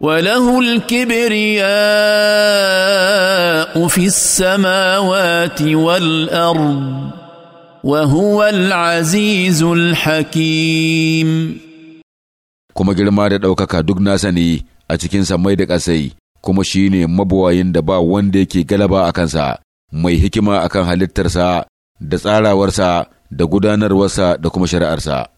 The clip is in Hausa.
وله الكبرياء في السماوات والارض وهو العزيز الحكيم kuma girma da ɗaukaka duk nasa ne a cikin mai da ƙasai kuma shi ne mabuwayin da ba wanda yake galaba a kansa mai hikima akan halittarsa da tsarawarsa da gudanarwarsa da kuma shari'arsa